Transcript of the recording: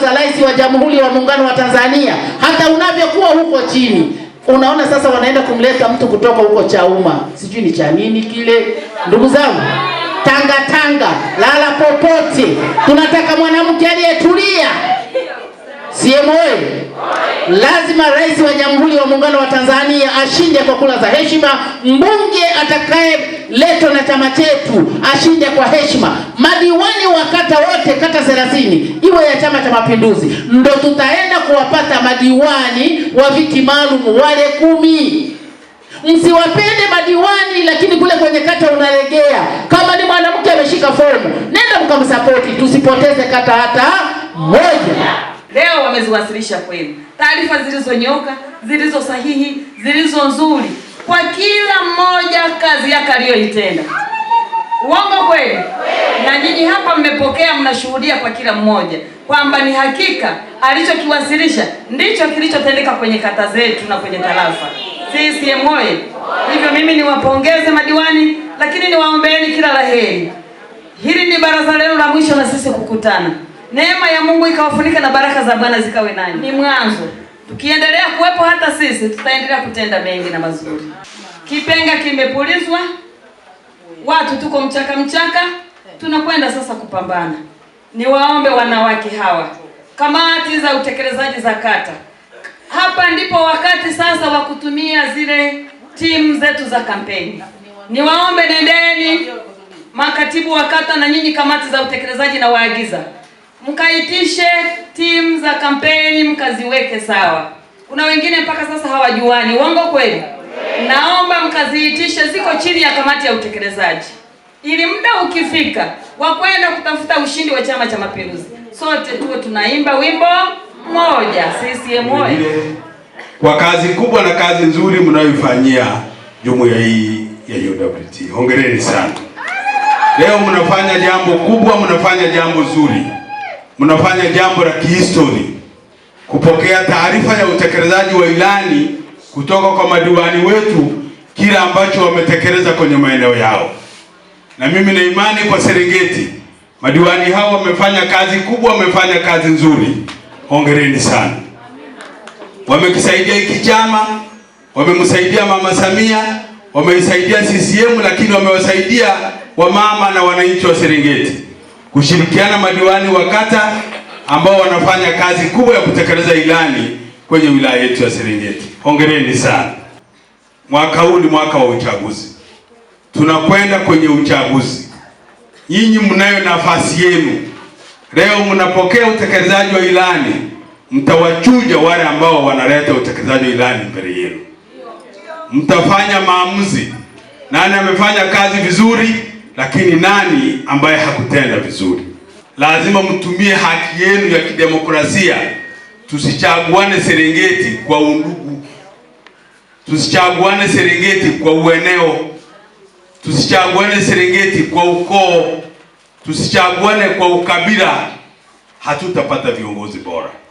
sera za Rais wa Jamhuri wa Muungano wa Tanzania, hata unavyokuwa huko chini Unaona sasa wanaenda kumleta mtu kutoka huko cha umma sijui ni cha nini kile. Ndugu zangu, Tanga Tanga, lala popote, tunataka mwanamke aliyetulia. siemo lazima rais wa Jamhuri wa Muungano wa Tanzania ashinde kwa kura za heshima. Mbunge atakayeletwa na chama chetu ashinde kwa heshima. Madiwani wa kata wote, kata 30 iwe ya Chama cha Mapinduzi, ndo tutaenda kuwapata madiwani wa viti maalum wale kumi. Msiwapende madiwani, lakini kule kwenye kata unalegea. Kama ni mwanamke ameshika fomu, nenda mkamsapoti, tusipoteze kata hata moja leo wameziwasilisha kwenu, taarifa zilizonyoka zilizo sahihi, zilizo nzuri, kwa kila mmoja kazi yake aliyoitenda. Uongo kweli? Na nyinyi hapa mmepokea, mnashuhudia kwa kila mmoja kwamba ni hakika alichokiwasilisha ndicho kilichotendeka kwenye kata zetu na kwenye tarafa. CCM oye! Hivyo mimi niwapongeze madiwani, lakini niwaombeeni kila la heri. Hili ni baraza lenu la mwisho na sisi kukutana neema ya Mungu ikawafunika na baraka za Bwana zikawe nani Ni mwanzo. Tukiendelea kuwepo hata sisi tutaendelea kutenda mengi na mazuri. Kipenga kimepulizwa, watu tuko mchaka mchaka, tunakwenda sasa kupambana. Niwaombe wanawake hawa, kamati za utekelezaji za kata, hapa ndipo wakati sasa wa kutumia zile timu zetu za kampeni. Niwaombe nendeni, makatibu wa kata na nyinyi kamati za utekelezaji, na waagiza mkaitishe timu za kampeni mkaziweke sawa. Kuna wengine mpaka sasa hawajuani, uongo kweli? Naomba mkaziitishe, ziko chini ya kamati ya utekelezaji, ili muda ukifika wa kwenda kutafuta ushindi wa Chama cha Mapinduzi, sote tuwe tunaimba wimbo moja CCM oyee! Kwa kazi kubwa na kazi nzuri mnayoifanyia jumuiya hii ya UWT, hongereni sana. Leo mnafanya jambo kubwa, mnafanya jambo zuri mnafanya jambo la kihistori kupokea taarifa ya utekelezaji wa ilani kutoka kwa madiwani wetu, kila ambacho wametekeleza kwenye maeneo yao, na mimi na imani kwa Serengeti madiwani hao wamefanya kazi kubwa, wamefanya kazi nzuri. Hongereni sana, wamekisaidia hiki chama, wamemsaidia Mama Samia, wameisaidia CCM, lakini wamewasaidia wamama na wananchi wa Serengeti kushirikiana madiwani wa kata ambao wanafanya kazi kubwa ya kutekeleza ilani kwenye wilaya yetu ya Serengeti. Hongereni sana. Mwaka huu ni mwaka wa uchaguzi, tunakwenda kwenye uchaguzi. Nyinyi mnayo nafasi yenu. Leo mnapokea utekelezaji wa ilani, mtawachuja wale ambao wanaleta utekelezaji wa ilani mbele yenu, mtafanya maamuzi nani amefanya kazi vizuri lakini nani ambaye hakutenda vizuri? Lazima mtumie haki yenu ya kidemokrasia. Tusichaguane Serengeti kwa undugu, tusichaguane Serengeti kwa ueneo, tusichaguane Serengeti kwa ukoo, tusichaguane kwa ukabila. Hatutapata viongozi bora.